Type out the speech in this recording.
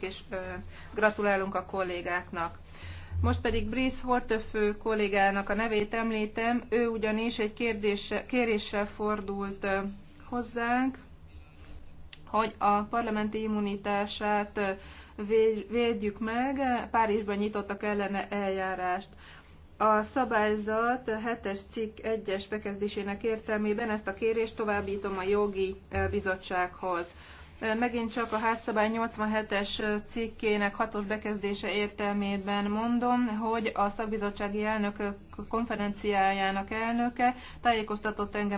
és gratulálunk a kollégáknak. Most pedig Brice Hortefő kollégának a nevét említem, ő ugyanis egy kérdése, kéréssel fordult hozzánk, hogy a parlamenti immunitását védjük meg, Párizsban nyitottak ellene eljárást. A szabályzat 7-es cikk 1-es bekezdésének értelmében ezt a kérést továbbítom a jogi bizottsághoz megint csak a házszabály 87-es cikkének hatos bekezdése értelmében mondom, hogy a szakbizottsági elnökök konferenciájának elnöke tájékoztatott engem